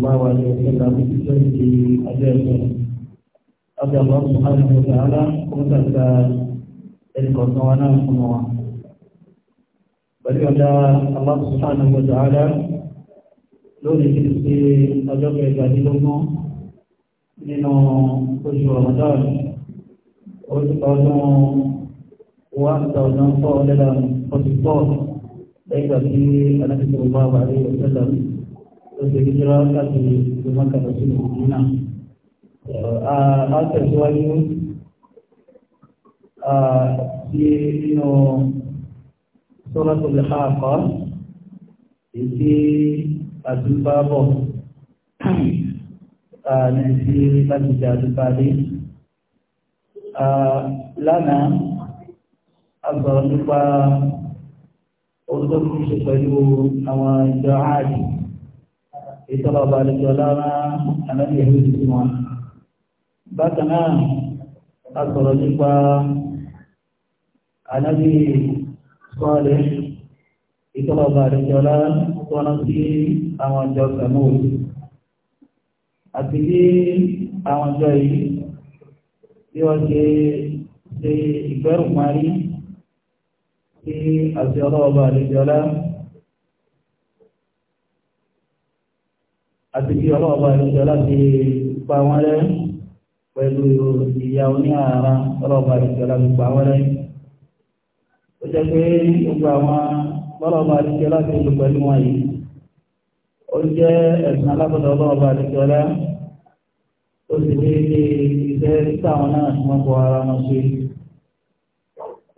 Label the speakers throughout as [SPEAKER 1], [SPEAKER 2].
[SPEAKER 1] sallallahu alaihi wasallam tó ń di ọjọ́ ẹ̀sọ́. ọjọ́ àwọn subhanahu wa ta'ala kó ń tàgbà ẹnìkan kan wá náà fún wa. pẹ̀lú ọjọ́ Allah subhanahu wa ta'ala lórí ti ṣe ọjọ́ kẹtàdínlógún nínú oṣù Ramadan oṣù ọdún one thousand four hundred and forty four lẹ́gbàá sí anábìsọ̀rọ̀ bá wà ní ìṣẹ̀lẹ̀ tó ṣe hijira láti ìlú mọ́kà lọ sí Mẹdínà. a tẹ̀síwájú sí nínú Suratul Haqa èyí àdúgbò bọ̀ nàìjíríà láti jẹ́ àdúgbò adé. lánàá a sọ̀rọ̀ nípa orúkọ tó ṣe pẹ̀lú àwọn ìjọ áàdì ìtọ́lọ̀ ọba àlejò lára àlẹ́lẹ́ ìlú ti wọn. Bákan náà, a sọ̀rọ̀ nípa àlẹ́lẹ́ sọ́ọ̀lẹ́ ìtọ́lọ̀ ọba àlejò lára tọ́nà sí àwọn ọjọ́ Samuel. Àti bí àwọn ọjọ́ yìí bí wọ́n ṣe ṣe ìgbẹ́rùn-ún parí sí àti ọlọ́ọ̀ba àlejò lára. àti kí ọlọ́ọ̀bá ìjọ láti pa wọ́n rẹ́ pẹ̀lú ìyá oníhàárá ọlọ́ọ̀bá ìjọ láti pa wọ́n rẹ́. ó jẹ́ pé gbogbo àwọn ọlọ́ọ̀bá ìjọ láti lò pẹ̀lú wọn yìí ó jẹ́ ẹ̀sìn alábọ̀dọ̀ ọlọ́ọ̀bá ìjọ rẹ́ ó sì ní ìṣe táwọn náà tí wọ́n kọ ara wọn ṣe.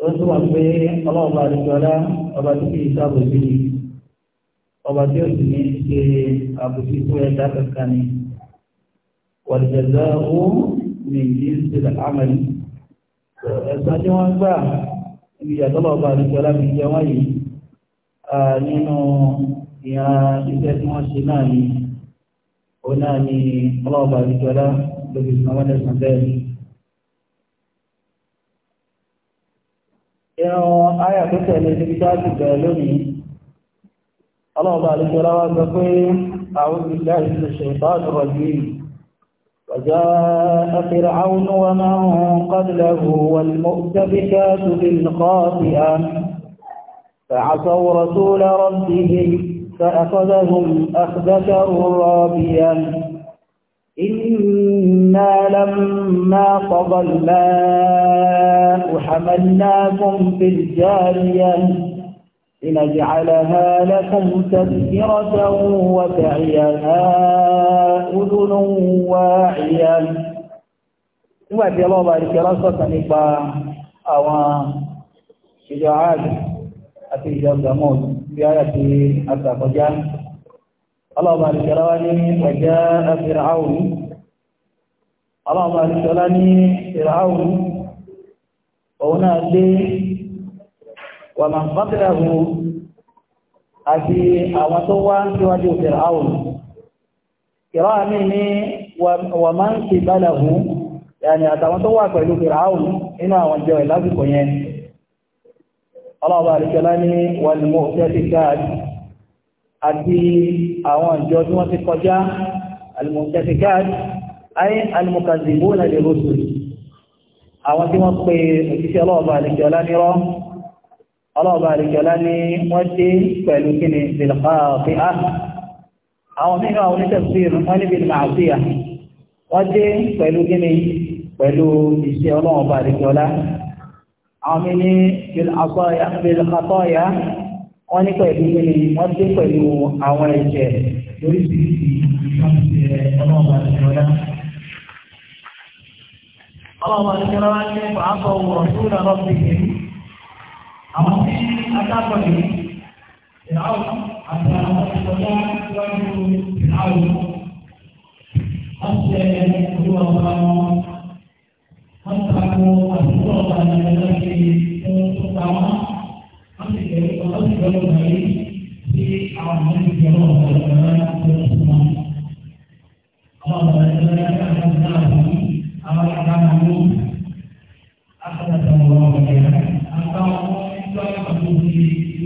[SPEAKER 1] ó tún wà pé ọlọ́ọ̀bá ìjọ rẹ́ ọba tí kì í sábò sí i ọba tí ó sì ní ṣe àbùsí fún ẹ̀dá kankan ni wàlùjẹ̀dá ó ní ìdí ìṣẹ̀lẹ̀ àmàlì ẹ̀sán tí wọ́n gbà ibi ìyàtọ̀ ọba àdúgbò láti jẹ wọ́n yìí nínú ìyá iṣẹ́ tí wọ́n ṣe náà ni òun náà ni ọlọ́ọ̀bà àdúgbò lá lóbi ìsìn wọn lẹ́sàn bẹ́ẹ̀ ni. ìran ayà tó tẹ̀lé níbi tá bẹ̀rẹ̀ lónìí اللهم بارك لنا فقيم أعوذ بالله من الشيطان الرجيم وجاء فرعون ومن قبله والمؤتفكات بالخاطئة فعصوا رسول ربهم فأخذهم أخذة رابيا إنا لما طغى الماء حملناكم في الجارية لنجعلها لكم تذكرة وتعيها أذن واعية nígbà tí ọlọ́ọ̀bà ìṣẹ́ lásọ̀tà nípa àwọn ìjọ ààrẹ àti ìjọ gbàmọ́ bí ara ti àtàkọjá ọlọ́ọ̀bà ìṣẹ́ lọ́wọ́ ní ọjọ́ fìràáwù ọlọ́ọ̀bà ìṣẹ́ lọ́wọ́ ní fìràáwù òun náà dé wà máa fàbílà hù àti àwọn tó wá síwájú fìràún ìrọ́ àmì ní wà máa ń sì bálà hù yàní àtàwọn tó wà pẹ̀lú fìràún nínú àwọn jẹ́ ẹ̀ lásìkò yẹn ọlọ́ọ̀bá àríkẹ́lá ní wà ní mọ́ òṣìṣẹ́ ti káàdì àti àwọn ìjọ tí wọ́n ti kọjá ọlọ́ọ̀bá àríkẹ́lá ní wọ́n dé pẹ̀lú kí ni bilkaafi á àwọn mìíràn àwọn onítẹ̀síìrì wọ́n ní bil ma'siyah wọ́n dé pẹ̀lú kí ni pẹ̀lú iṣẹ́ ọlọ́ọ̀bá àríkẹ́lá àwọn mi ní bilkatọ́yà wọ́n ní pẹ̀lú kí ni wọ́n dé pẹ̀lú àwọn ẹ̀jẹ̀ lóríṣiríṣi ọlọ́ọ̀bá ọlọ́ọ̀bá àríkẹ́lá àwọn tí adájọ́ yìí ìnáwó àti àwọn ìtọ́jú síwájú ìnáwó wọ́n ṣe olúwa ọba wọn wọ́n tako àdúgbò ọba ìrẹ̀lẹ̀ ṣe fún ọba wọn wọ́n sì bẹ̀rù ọba sì bẹ̀rù ọba yìí sí àwọn ọmọ ìgbẹ́ ọba ìrẹ̀lẹ̀ ṣe fún wọn. ọba ìrẹ̀lẹ̀ ṣe fún wọn àwọn ìgbà wọn ló akọ̀tàtà ọba ìrẹ̀lẹ̀.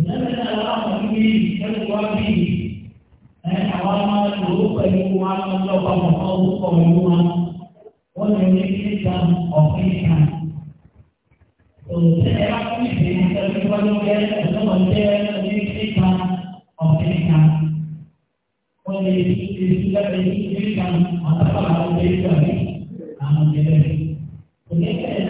[SPEAKER 1] ìyáfẹ́ta aláwọ̀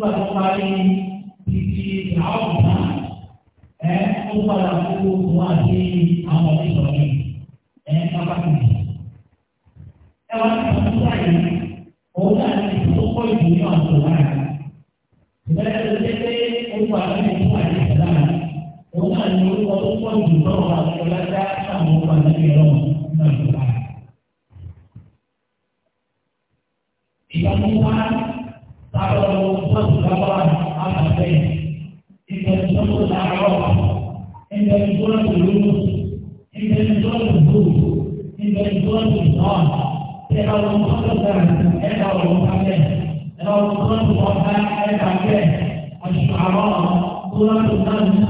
[SPEAKER 1] suatu hari di Allah eh kepada itu wahi amal ini eh apa ini Ewan itu saya Oda di toko ini masuk lagi Sebenarnya ada CT Oda ini itu lagi sedang Oda ini itu toko ini Oda ini itu lagi sedang Oda ini itu lagi sedang Oda ini itu lagi sedang Oda ini itu inventor de luz, inventor do mundo, inventor de nós, será o da lugar, é da vontade, será o nosso lugar, é da fé, a chuvarão, durante o ano,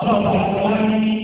[SPEAKER 1] ọlọ́pàá ìwádìí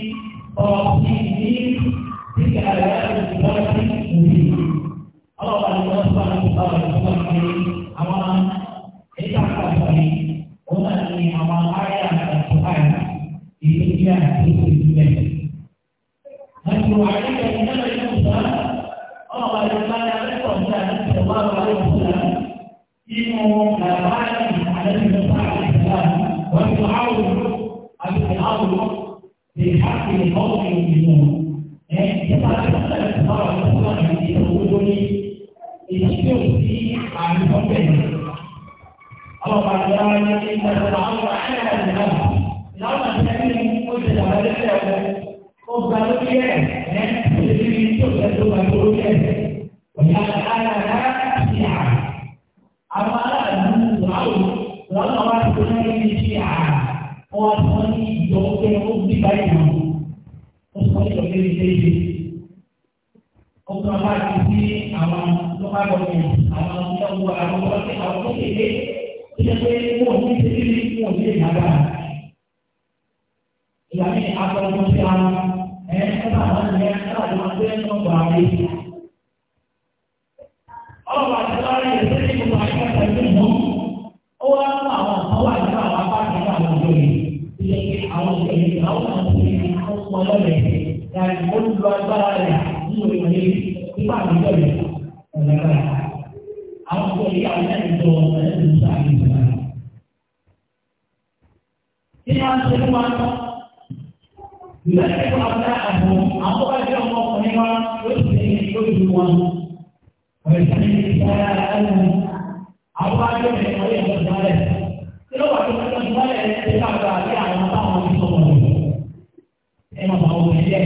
[SPEAKER 1] ọmọ ẹ̀jẹ̀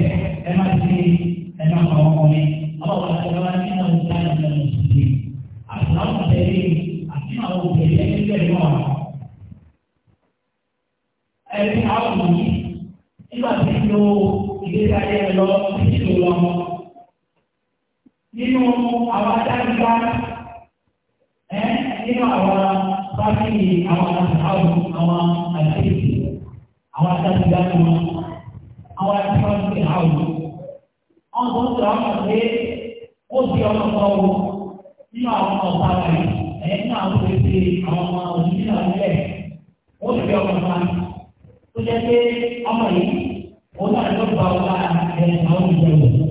[SPEAKER 1] ẹ má ti ẹ má pa ọmọ mi ọlọ́wọ́ àti ọlọ́wọ́ ní ọ̀rọ̀ ìta ìlànà ìṣòwò àti àwọn ọ̀tẹ̀lẹ̀ àti àwọn òkèlè ẹgbẹ́ náà. ẹni àwọn òní nígbà tí ń lo ìgbésí ayé rẹ lọ sí ìlú lọ. nínú àwọn adágbá ẹ nínú àwọn bá fi àwọn àwọn àwọn àti àwọn adágbá wọn. ọmọ tó a máa ṣe ó ti ọmọ tó ọwọ́ nínú àwọn ọmọ ọ̀tá rẹ̀ ẹ̀yìn náà ó ti ṣe àwọn ọmọ òṣìṣẹ́ náà lẹ̀ ó ti fi ọmọ ọ̀tá tó jẹ́ pé ọmọ yìí ó náà lọ́ọ́ gba ọ̀tá ẹ̀ ẹ̀ náà ó ti jẹun.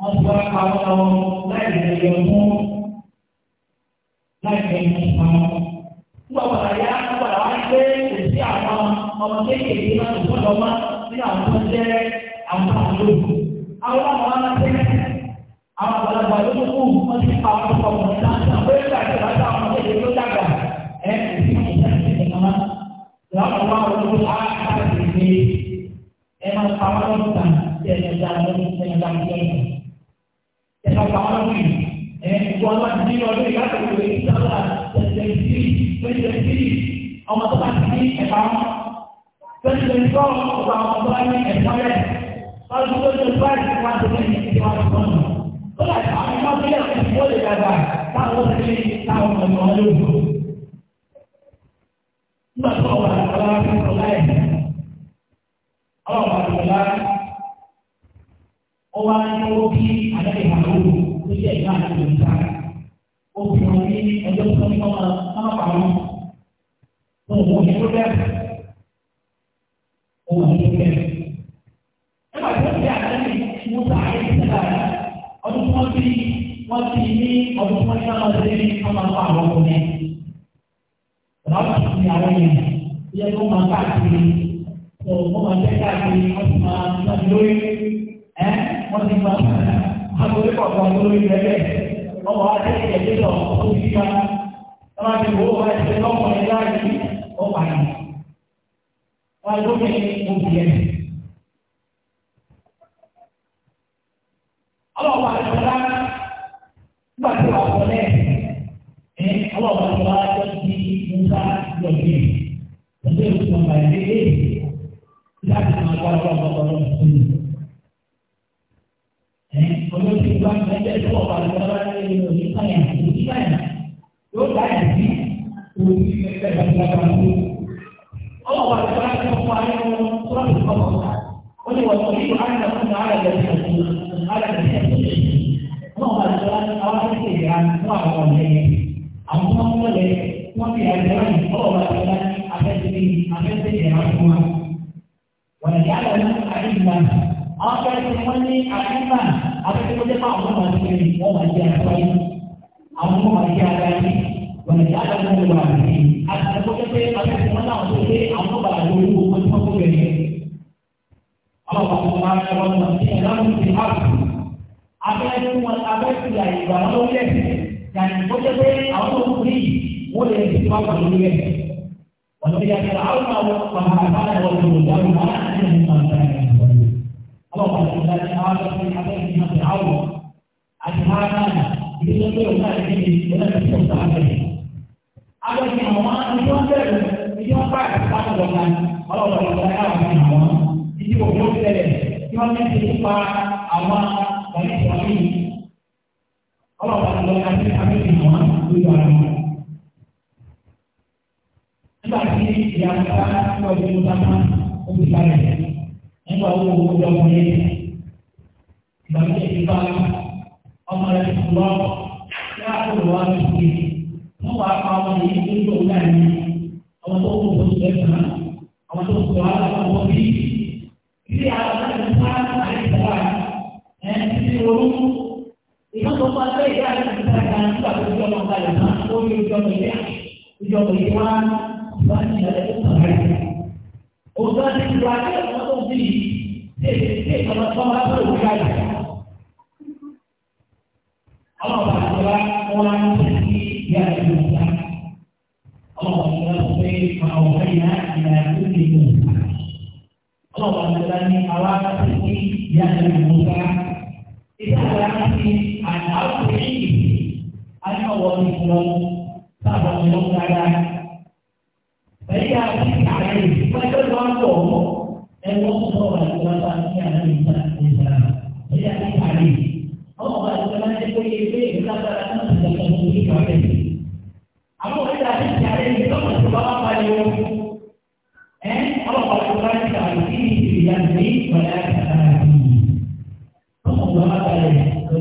[SPEAKER 1] wọ́n ti wá pamọ́ náà wọ́n láì lè lè mú láì lè mú pamọ́. Nígbà pàtàkì yá, nígbà pàtàkì wá ń gbé èsì àwọn ọmọ kéékèèké náà tó gbọ́dọ̀ mọ́ ní àwọn tó ń jẹ́ àwọn àlòkù. Àwọn ọmọ wọn ti rẹ̀ àwọn àgbàlagbà ló kú wọ́n ti pa ọmọ pọ̀ wọ́n náà sàn pé ó ti rà sí àwọn ọmọdé tó dàgbà ẹ̀ ẹ̀sì ìṣẹ̀lẹ̀ ìṣẹ̀lẹ̀ ìṣẹ̀lẹ̀ ìṣẹ̀lẹ̀ ìṣẹ̀lẹ̀ ìṣẹ̀lẹ̀ ìṣẹ̀lẹ̀ ẹ̀ka pàmò wì ẹ̀ wọn bá ti dín ọdún ìgbà tó wọlé ní sábà tẹ̀sẹ̀ sí tẹ̀sẹ̀ sí ọmọ tó bá ti ní ẹ̀ka wọn tẹ̀sẹ̀ sọ ọgbà ọmọ tó bá ní ẹ̀kọ́ rẹ̀ ọdún tó tẹ̀sẹ̀ báyìí wọn ti ní ìdíje wọn tó tọ̀nù tó bá ti àwọn ọmọ tó yẹ kó ti wọlé dàgbà táwọn ti ní táwọn ọmọ wọn lò nígbà tó wà ó wá ní ó bí àlẹ́ ìhàlóhùn tó jẹ́ ìgbà àti ìta ó fi hàn ní ọjọ́ tó ní ọmọ ọmọ pàmò tó wọ́n ní ó bẹ́ẹ̀ ó wà ní ó bẹ́ẹ̀.
[SPEAKER 2] nígbà tó ti àlẹ́ mi mú sàárè síta
[SPEAKER 1] ọdún tó wọ́n ti wọ́n ti ní ọdún tó wọ́n ti máa ṣe ní ọmọ ọmọ àwọn ọkùnrin. Bàbá mi ti ní àwọn yẹn yẹ kó máa káàkiri tó wọ́n máa jẹ́ káàkiri ti fa àtúndé kọ̀ọ̀kan tó lórí ẹgbẹ́ ọmọ wa ti ṣe tó ti fa ọmọ àti ìwọ wa ti ṣe lọ́kọ̀ ẹ̀ láàyè ọ̀pá yìí wọn ló ní obì yẹn. ọlọ́wọ́ àtúndá nígbà tí wà wọ lẹ́ ẹ̀ ọlọ́wọ́ àtúndá tó ti musa lọ́gbìn lọ́gbìn tó ń bá ẹ̀ lé láti máa gbọ́ ọlọ́wọ́ ọlọ́wọ́ olóòtú ìgbà mẹ́jẹ tó wà wà lọ́wọ́ láti ní òní sáyà òní sáyà yóò dáyà sí òní ẹgbẹ́ ìgbàgbọ́ àti ọmọ wà lọ́wọ́ láti fọ́ ayélujára sọ́ọ̀tù kọ́kọ́ ó ní wọ́n tọ́jú àyà fún àyà lẹ́sẹ̀ àyà lẹ́sẹ̀ ọmọ wà lọ́wọ́ láti àwọn àti ìyá fún àwọn ọ̀lẹ́ àwọn tó ń wọlé wọ́n fi àyà lẹ́yìn ọmọ wà lọ́wọ́ láti afẹ́sẹ̀ afẹ́sẹ̀ ìyá fún wa wọ́n yà apa yang semuanya akibat, apa yang semuanya tak boleh masuk ke sini. Oh, masih ada apa ini? Aku mau masih ada ini. Boleh jadi ada yang berubah di sini. Apa yang semuanya saya, apa yang semuanya masuk ke sini, aku bakal dulu, aku mau masuk ke sini. Apa yang semuanya saya, apa yang semuanya saya, apa yang semuanya saya, apa yang semuanya saya, dan semuanya saya, aku mau beri, boleh disipakan dulu ya. Maksudnya, kalau Allah mahu memahamkan Allah, Allah mahu memahamkan Allah. الله عز وجل تعالى في حديثنا فرعون أجمعنا بسبب المال ولا تسقط عليه على في عمان مليون درهم مليون بعد بعد والله الله عز وجل يعلم من عمان يجيب مليون درهم يوم يجي يقع عمان بني إسرائيل الله عز وجل في حديثنا عمان ويعلم Tetapi yang kita wajib utama untuk kita Ibu aku sudah punya. Bagi kita Allah Rasulullah Ya Allah Rasulullah Semua kamu ini untuk nyanyi Allah Tuhan untuk sesama Allah Tuhan untuk suara dan kopi Jadi alasan yang besar Hari sekarang Dan sisi lalu Itu sempat saya Ya Allah Kita akan juga berjumpa Kita akan berjumpa Kita akan berjumpa Kita akan berjumpa Kita akan berjumpa pas di belakang atau di eh eh sama sama perlu kaya. Kalau bahasa orang ya juga. Kalau bahasa mau kaya ya itu itu. Kalau bahasa ini alat sendiri ya juga. Kita berarti alat sendiri. Ayo wali pulang sabar mengajar.
[SPEAKER 2] Tapi ya, kita ini, kita
[SPEAKER 1] kampung dan musuh dan kuasaan yang ada di sana. Jadi hari hari. Oh, kalau kita nak jadi PDP, kita perlu nak jadi kampung ini kawan. Aku ada hari hari ini tu masih bawa baju. Eh, apa kalau kita nak jadi ini dan ini boleh kita lagi. Kamu bawa baju, kamu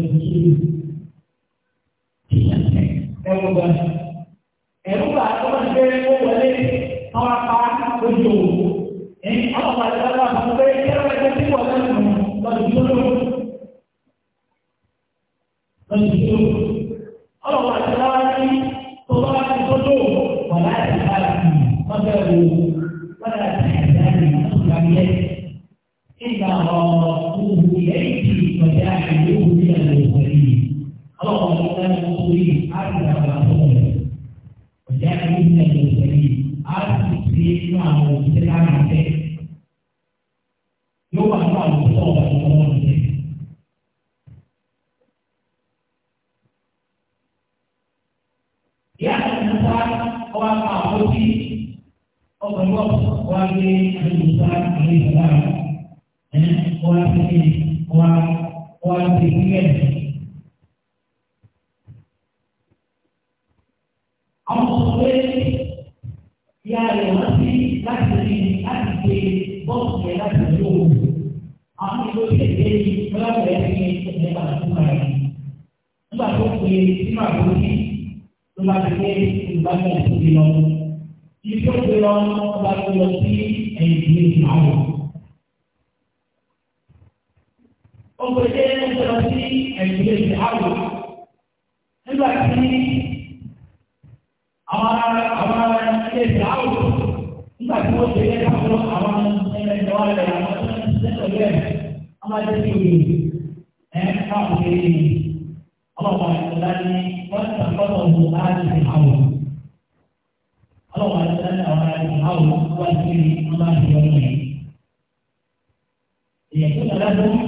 [SPEAKER 1] ti ní ẹ̀sìn. Àwọn sọ pé ìyá rẹ̀ wá sí láti rí láti gbé bọ́ọ̀sì yẹn láti rí òun. Àwọn ìlú ìṣẹ̀lẹ̀ yìí lọ́wọ́ ẹ̀ ní ẹ̀sìn ẹ̀ka fún ara rẹ̀. Nígbà tó pe sínú àbójú ló bá ti gbé ìgbàgbọ́ ìṣòro lọ. Ibi tó gbé lọ, ọba tó lọ sí ẹ̀yìn ìlú ìṣòro. ó pè é lọ sí ẹ̀yìn lè ṣe àwò nígbà tí àwọn àwọn ilé ṣe àwò nígbà tí wọ́n ṣe é lọ́wọ́ àwọn ẹ̀rẹ́ ìjọba rẹ̀ àwọn tó ń ṣiṣẹ́ pẹ̀lú ẹ̀ wọ́n máa tẹ́tí òye ẹ̀ káàkiri ẹ̀yìn ọlọ́pàá ìṣẹ̀lá ní wọ́n ti sàkọ́tọ̀ ọ̀hún láti ṣe àwọn ará ìṣẹ̀lá àwò wọ́n ti ṣe é wọ́n máa ṣe ọ̀hún yẹn. ìyẹn tó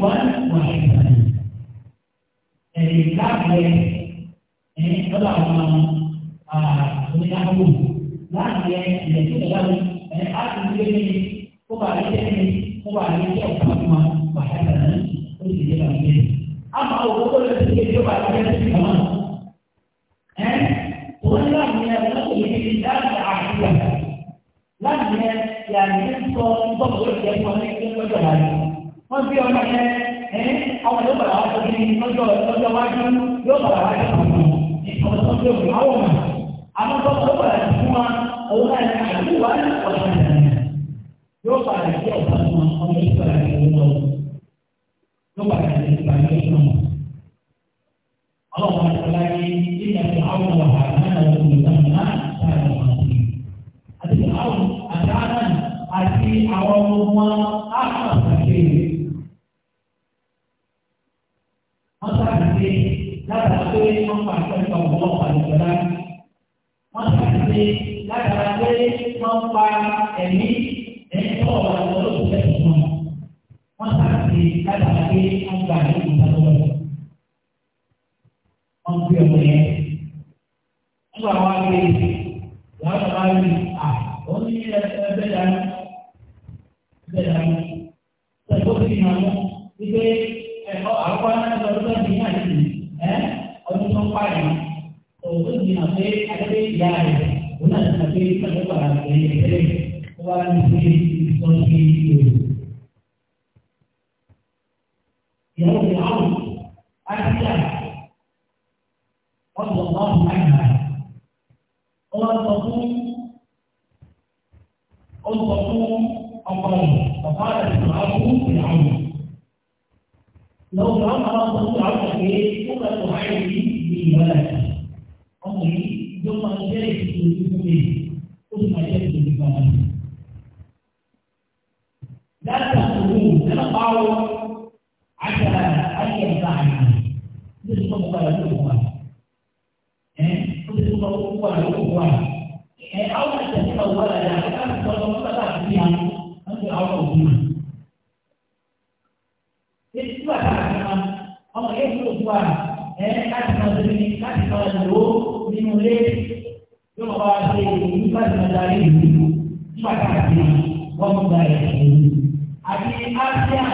[SPEAKER 1] 管管孩子，哎，家里哎，爸爸妈妈啊，不要哭，那里呢，眼睛都要哭，哎，孩子爷爷，不管这些事，不管这些苦，不管这些困难，把孩子能都解决了呢。啊，把我们做了事情就把它解决了，好吗？哎，不会让你啊，让你去担心啊，孩子，那里呢，眼睛说不到多少钱，我们已经解决了。wọ́n bí ọmọ yẹn ẹ̀ àwọn yóò bàrà wájú kí ni lọ́jọ́ wájú yóò bàrà wájú kí ni ọ̀sán tó lò àwọn ọmọ àwọn tó tó bàrà sí fún òun náà ní àlù wà ní ọ̀sán yóò bàrà sí ọ̀sán wọn ọmọ yóò bàrà sí ọ̀sán yóò bàrà sí ìgbà yóò ọlọ́run àti ọ̀la yìí ní ìyàtọ̀ àwọn ọ̀hà ẹni ẹni tó wà lọ́dún tó tẹ̀sán wọn. Wọ́n sáàsì kájà wáyé àgbà ní ìdánwò. Wọ́n gbé ọmọ yẹn. تقوم أو تقوم أو قوم فقال فرعون فرعون لو فرعون أراد أن يعرف إيه ثم تعالي بملك أمري ثم جاءت بالجسم ثم جاءت بالجسم لا تقولون لا تعالوا حتى أن ينفعنا مثل ما قال perempuan dan perempuan. Eh, awak tak cakap wala dah. Lah. Kan kalau kita tak siang, nanti awak hukuman. Jadi tu lah tak kan. Awak eh, suruh tuan. Eh, kan kita nak beri, kan kita nak beri, kan kita nak beri, kan kita nak beri, kan kita nak beri, kan kita nak beri, kan kita nak beri, kan kita nak beri, kan Aqui em Ásia,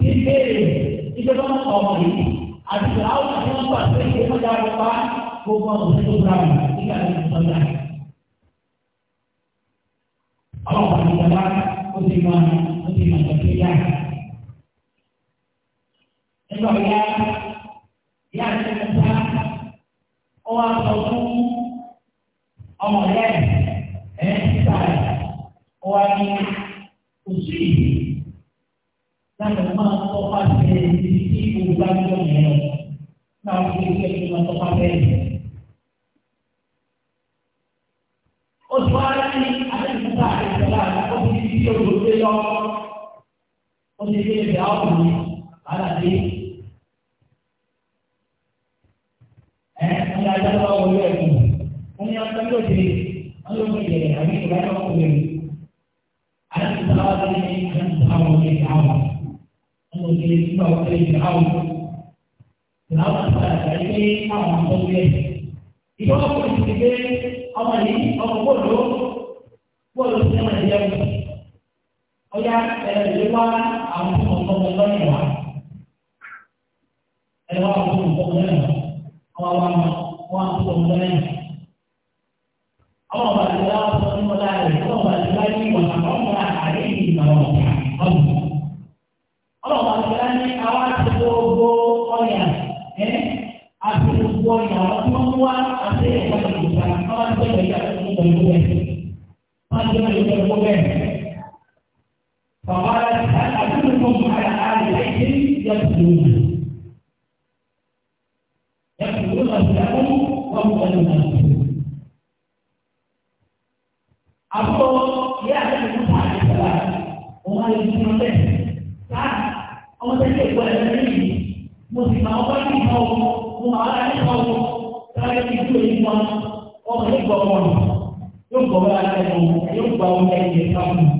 [SPEAKER 1] primeiro, e depois vamos tomar aqui. Aqui em Ásia, temos bastante tempo de aguardar. como ọkùnrin tó gbà mí nígbà tí mo sọjà. ọlọ́pàá ti sọ wá ó ti mọ ó ti mọ ìjọba ìyá. nígbà ìyá ìyá ti mú sá ó wá sọ fún é rẹ ẹ sísá rẹ ó wá ní oṣù yìí láti máa tọ́ pàṣẹ ibi tí olùgbàgbọ́ yẹn lọ. Now, we can get ó ti dé ibi àwọn ọkùnrin aládé ẹ ọjà ajá lọ wọlé ẹkùn wọn ni ọjọ́ tó dé wọn ló ń gbé ìrìn àbí ìgbà tó kù lórí àti ìgbà tó dé ní ìgbà tó wọlé àwọn wọn ló dé nígbà tó dé ìgbà àwọn ìgbà tó dé àgbáyé pé àwọn ọmọ gbé ìgbà tó kù ti dé ọmọ yìí ọmọ bọ́ọ̀lù bọ́ọ̀lù sinimá ìyá mi ọjà ẹ̀ lè wá. aku untuk menerima. Ewa aku untuk menerima. Awa aku untuk menerima. Awa bagi Allah untuk menerima. Awa bagi Allah ini menerima. Awa Allah ini menerima. Awa Allah ini awak sebuah-buah koyan. Eh? Aku sebuah yang awak semua asli yang akan berusaha. Awak sebuah yang akan berusaha. Awak sebuah yang akan berusaha. Awak sebuah dunia. Yang kedua masih ada wanita yang Apa dia ada di rumah di sana? Umar yang di sana. Saat orang saya cek buat dari ini. Mesti mahu bagi kau. Umar ada kau. Saya tidur di rumah. Orang ini bawa. Yang bawa ada kau. Yang bawa ada kau.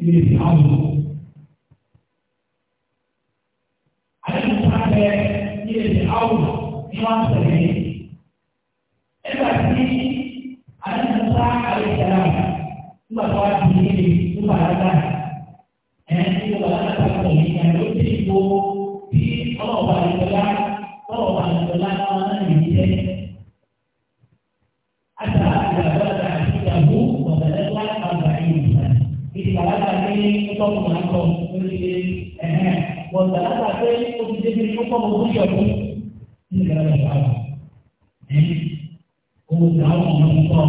[SPEAKER 1] ini di Allah. Ada yang sampai ini di Allah, di masa ini. Tetapi, ada yang sampai ke dalam, cuma buat diri, cuma datang. bọ̀dà látàgbé ó ti débi tó kọ́ ọmọ orí ọ̀dọ́ ní ìlànà ìgbà ẹ̀yìn owó ìyàwó ọ̀nà púpọ̀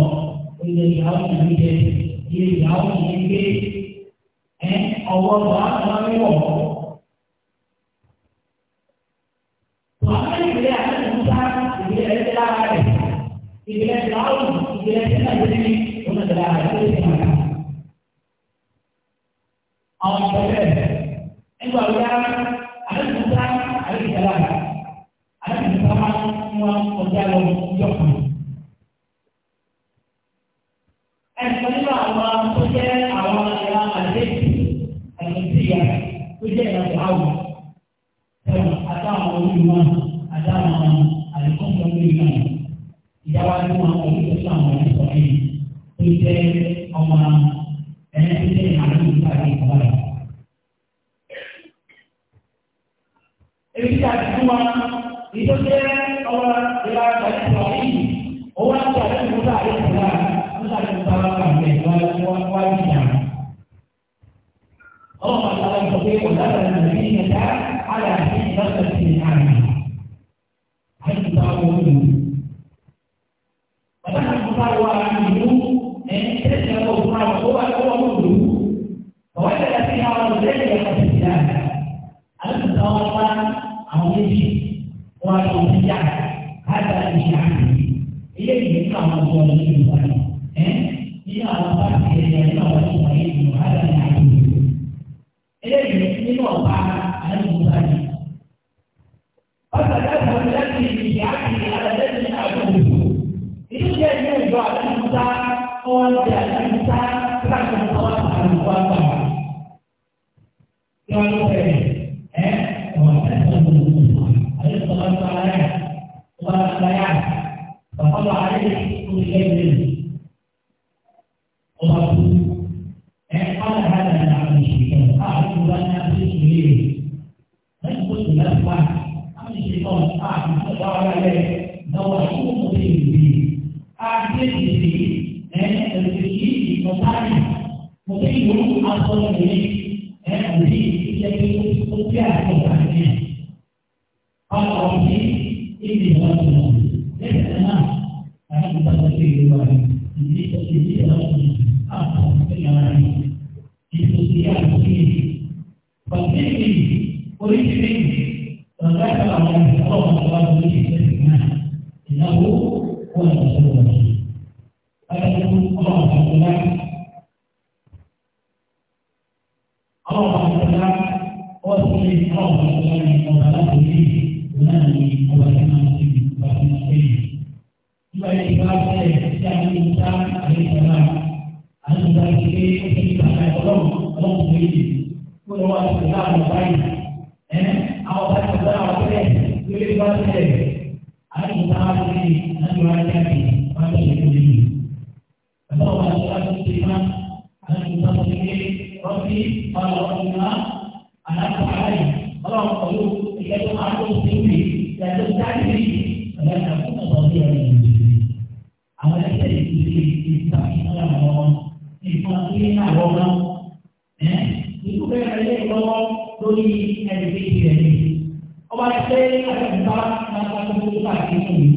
[SPEAKER 1] oúnjẹ ìyàwó ọ̀nà ìjẹ iye ìyàwó ọ̀nà ìgbé ẹ̀ ọwọ́ ìyàwó ọ̀nà ìwọ̀ lọ́wọ́ tẹ̀lé. ada yang salah maka tubuh kaki ini,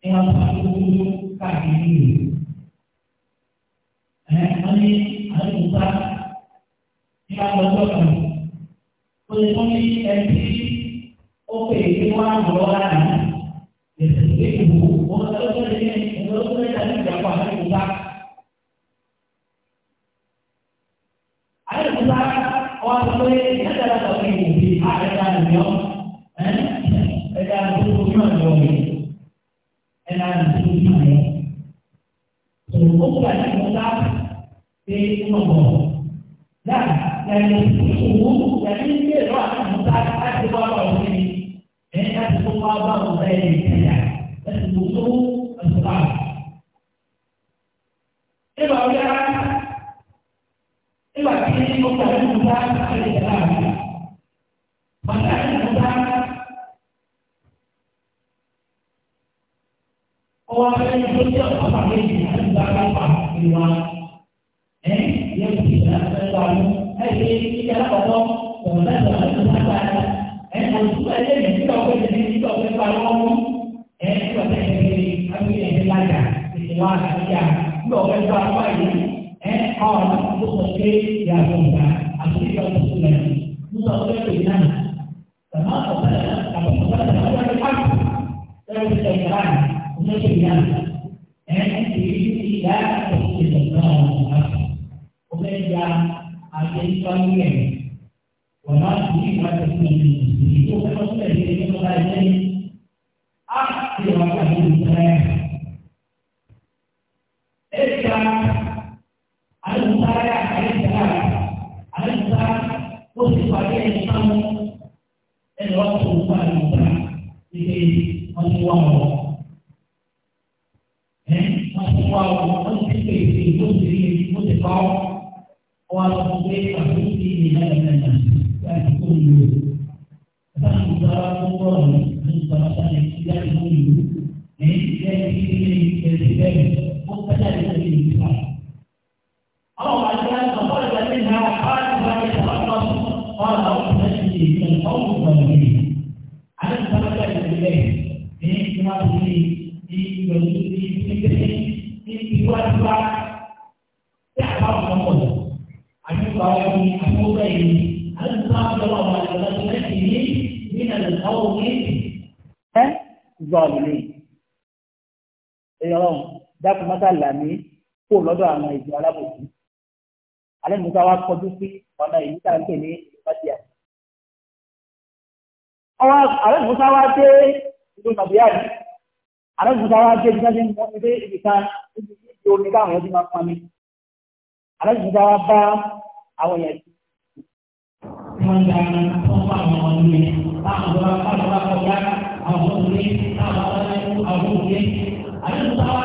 [SPEAKER 1] yang satu tubuh kaki ini. Eh, ini ada kita kita bentukkan. Kondisi MP OP itu orang orang yang sebagai ibu, orang orang ini ẹni ìṣòwò ìṣẹ̀lẹ̀ ní ilé ìlú àti ìmúta láti wá bá òun níbi ẹni láti tó wá bá òun bá ẹni lọ́dọ̀ àwọn ìjọ alábòsí alẹ́ nìkan wá kọjú sí ọ̀nà èyí tá à ń pè ní ìfàdíà ọwọ́ alẹ́ musa wá dé ìlú nàbíyá yìí alẹ́ musa wá dé ibi sáfẹ́ mọ́ ilé ibi kan ibi tí omi káwọn ẹbí máa pamí alẹ́ musa wá bá àwọn yẹn ti.
[SPEAKER 2] wọ́n ń darí wọ́n àwọn ọmọ mi láwọn ọmọ bá kọjá àwọn ọmọ mi láwọn ọmọ mi àwọn ọmọ mi alẹ́ musa wá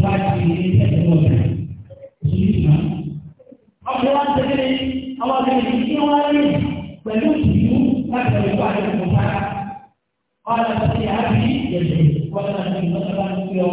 [SPEAKER 1] ti wá di ilé rẹ̀ oṣù yìí náà. ọkùnrin wa ń tẹ̀lé àwọn ọ̀gẹ̀dẹ̀ yìí ní wọ́n rí pẹ̀lú ìtìjú láti ọ̀rẹ́ wà ní ọ̀pọ̀ sára. ọ̀rẹ́ àti àbí ẹ̀sẹ̀ ọ̀rẹ́ àti ìmọ̀tàbá ń pè ọ́.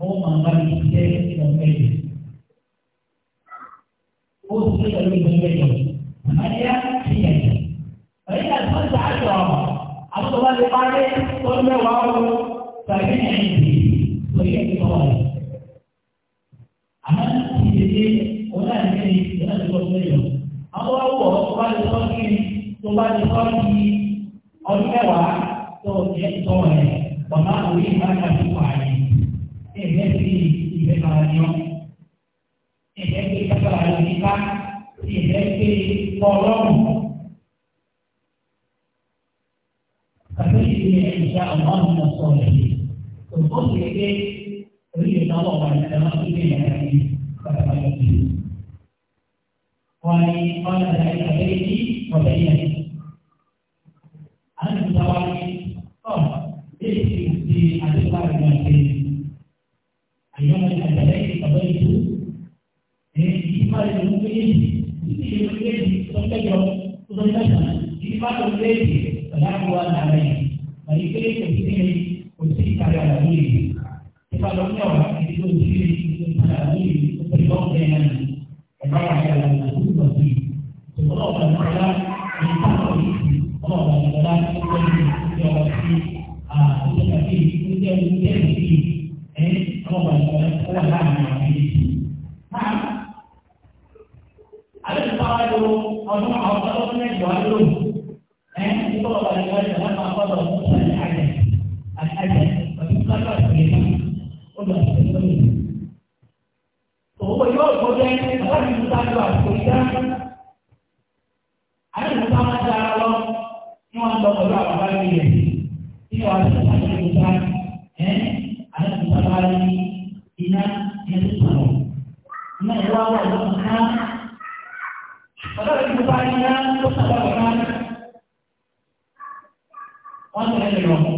[SPEAKER 1] Roma bagi dan kita. Oh, kita dah lupa dengan kita. Nama dia, kita. Tapi kan, pun tak ada. Apa tu lah, dia pakai, pun dia wawah. Tapi orang ni, kita nak cukup dengan kita. Apa wawah, apa tu orang ni wawah, tu, dia kita wawah. Bapak, kita wawah. año. Es el que está para la visita y es el que Itu ada satu Eh, ada kita bali ini itu selalu. Ina, dua orang yang menang. Padahal kita bali Ina, itu sahabat orang. Orang yang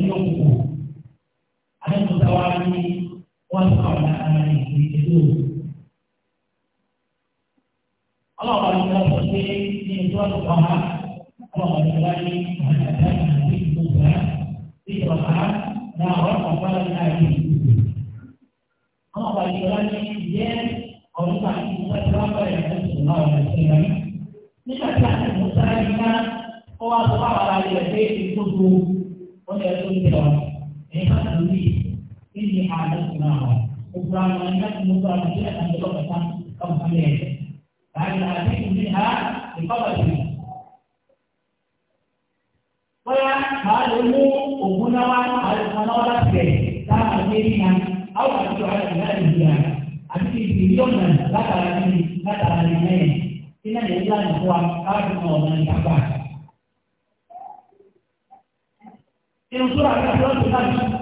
[SPEAKER 1] ada semua. Ukuran mana ukuran kita akan juga pasang kamu sambil. Tapi ada yang melihat di bawah sini. Wala malumu ubunawan al-manawala sih. Sama dirinya, awak itu ada di dia. Ada di video dan kata ini, kata ini. Ini adalah kuat kalau mau mencapai. Yang surah al-Fatihah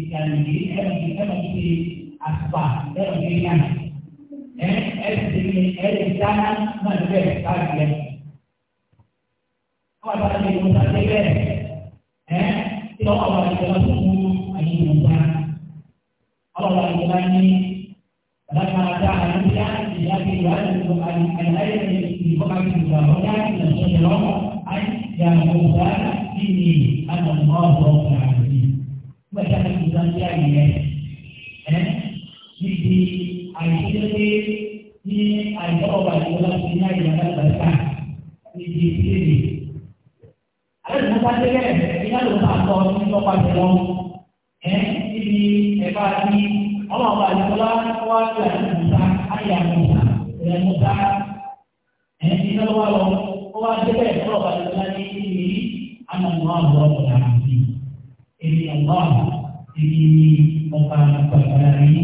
[SPEAKER 1] dan diri kita bagi kita bagi diri asbah kita bagi diri yang eh eh diri eh istana mana bagi yang kau apa lagi yang kita cek eh kita awal kita masuk ini mungkin awal lagi kita ini dan kata ada dia di lagi dua untuk ada yang lain di bukan di dalam dunia dan sudah lama ada yang mungkin ini Allah Subhanahu Wa Taala mereka akan bilang dia ini ya. Eh, di ICT, di Iowa, di dalam dunia yang akan berkah. Di di sini. Ada yang bukan dia ya, kita lupa atau ini kok pada dong. Eh, di Eva, di Allah, Allah, di dalam wajah yang bisa, ayah bisa, dengan muka. Eh, di dalam wajah, ini Allah ini mempunyai kebanyakan ini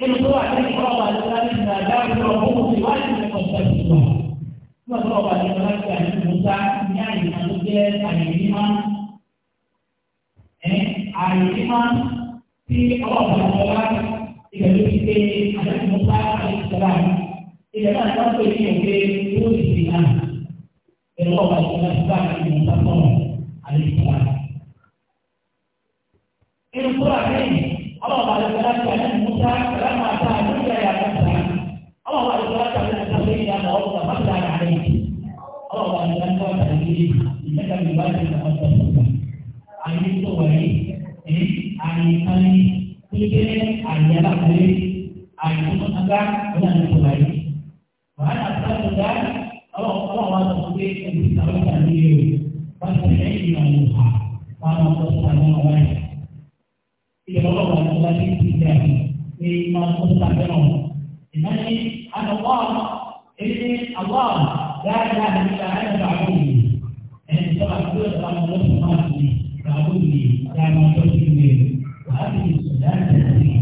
[SPEAKER 1] ini surah ini berubah dengan sejajar berubah dengan sejajar berubah dengan sejajar berubah dengan sejajar berubah dengan sejajar ayat lima ayat lima si Allah berubah tidak berubah ada kemusa ayat sejajar tidak ada kemusa ini yang berubah dengan sejajar berubah dengan sejajar berubah dengan sejajar alikuwa ilikuwa hivi Allah alikuwa ni Musa kama atamuja ya Musa Allah alikuwa ni tafsiri ya Mungu na mada ya hadithi Allah alikuwa ni tafsiri inaka mbali na mtafsiri alikuwa wapi eh alikali kile aliyala kule alikuwa anga na mtumaini maana sasa ndio Allah Allah anatufundisha kitu cha والتسعين والنصح قال تصنع واحد إذا رغب الذي في الله مما تصنعون إنني أنا الله إني الله لا إله إلا أنا فاعبدني إن تغفر فما تصنعني فاعبدني لا ما تصنعني وهذه الصلاة التي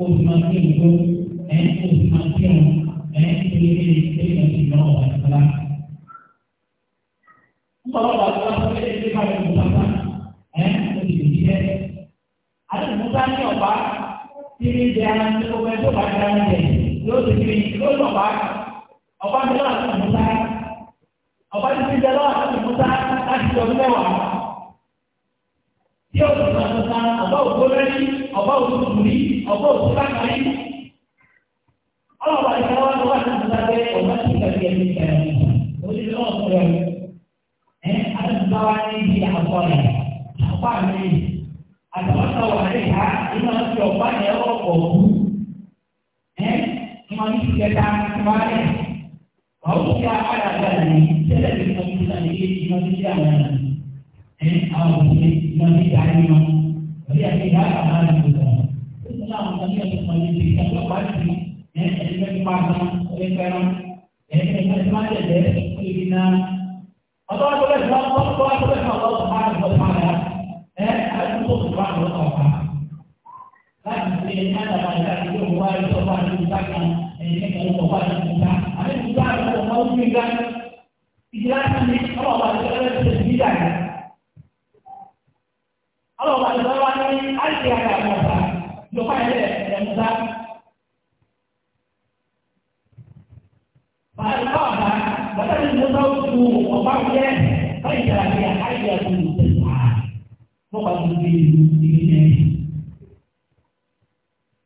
[SPEAKER 1] أمكنكم أن أمكنكم ọlọ́run àti wọn sọ pé ẹgbẹ́ bá yẹn mú sáfà ẹ̀ ó ti lè jẹ́. àti musa ní ọ̀pá tí ní ìdí ara ní gbogbo ẹgbẹ́ ọ̀pá ní ara yóò ti fi yóò lọ ọ̀pá ọ̀pá mi lọ́wọ́ àti musa ọ̀pá ti fi jẹ lọ́wọ́ àti musa láti jọ mẹ́wàá. tí ó ti sọ sọ́sá ọ̀pá òkú lẹ́yìn ọ̀pá òkú tùmí ọ̀pá òkú lákàáyé ọlọ́run àti wọn بصوانه أطوالها أطوالي أتوسل عليها إما في أطوالي أو أطوالي إما في أطوالي أو في على ذلك سلسلة المسلمين إما في أمانا أو في إما في تعليم وهي في هذا أمانا كلها Islam tadi yang semuanya bisa berbagi, ya, jadi kita makan, oleh karena, ya, kita semua ada, kita 说这个老板怎么他呢？哎，还是做五万么搞的？哎，你今天来来来，一个五万一个五万，你看看，哎，那个五万一个五万，哎，你家这个老应该，既然是你，他老板就应该自干呀。他老板这老板应该安全的，是不是？有派对，人家，来，老板，我带你去抽五五包 Baiklah dia hanya dulu besar. Mau bantu diri dulu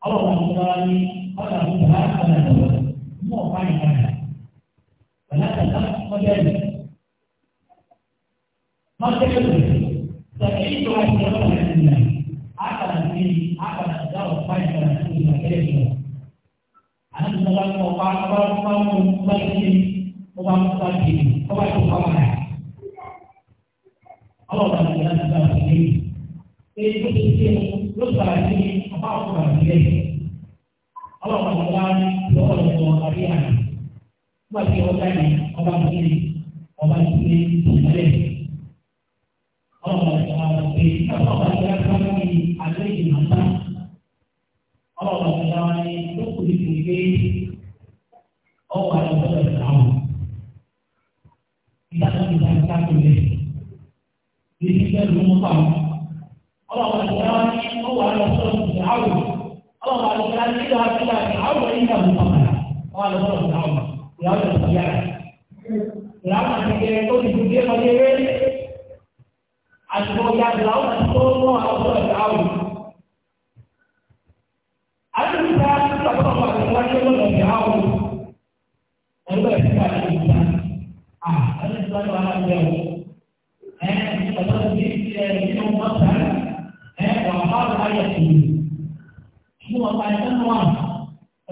[SPEAKER 1] Allah mengalami pada mudahan pada Tuhan. Mau baiklah. Karena tetap menjadi. Masa itu. Tapi itu yang kita lakukan dengan dunia. Apa nanti, apa nanti jauh baiklah dulu dengan kerja. Anak mengalami mau bantu diri. Mau bantu diri. Mau bantu diri. Mau bantu diri apa bagi dalam segala sini. Jadi itu sisi yang terus pada sini, apa aku pada sini. Allah mengatakan, dua oh, orang yang mengatakan kalian. Cuma sih orang ini, orang ini, orang ini, orang ini, orang ini. Allah mengatakan, apa bagi dalam segala sini, ada di mana? Allah mengatakan, itu kulit ini, Oh, kalau kita tahu, kita akan bisa mencapai بهذا المطاع الله تعالى هو على صوت فرعون الله تعالى اذهب الى فرعون انه طغى قال صوت فرعون يا رب الطبيعه فرعون يقول في الدنيا قليل عشان يا فرعون تقول الله على صوت فرعون أنا مثال تقرأ في الرجل من فرعون أنا مثال آه أنا مثال على اليوم wọn pa ẹ̀ka náà wà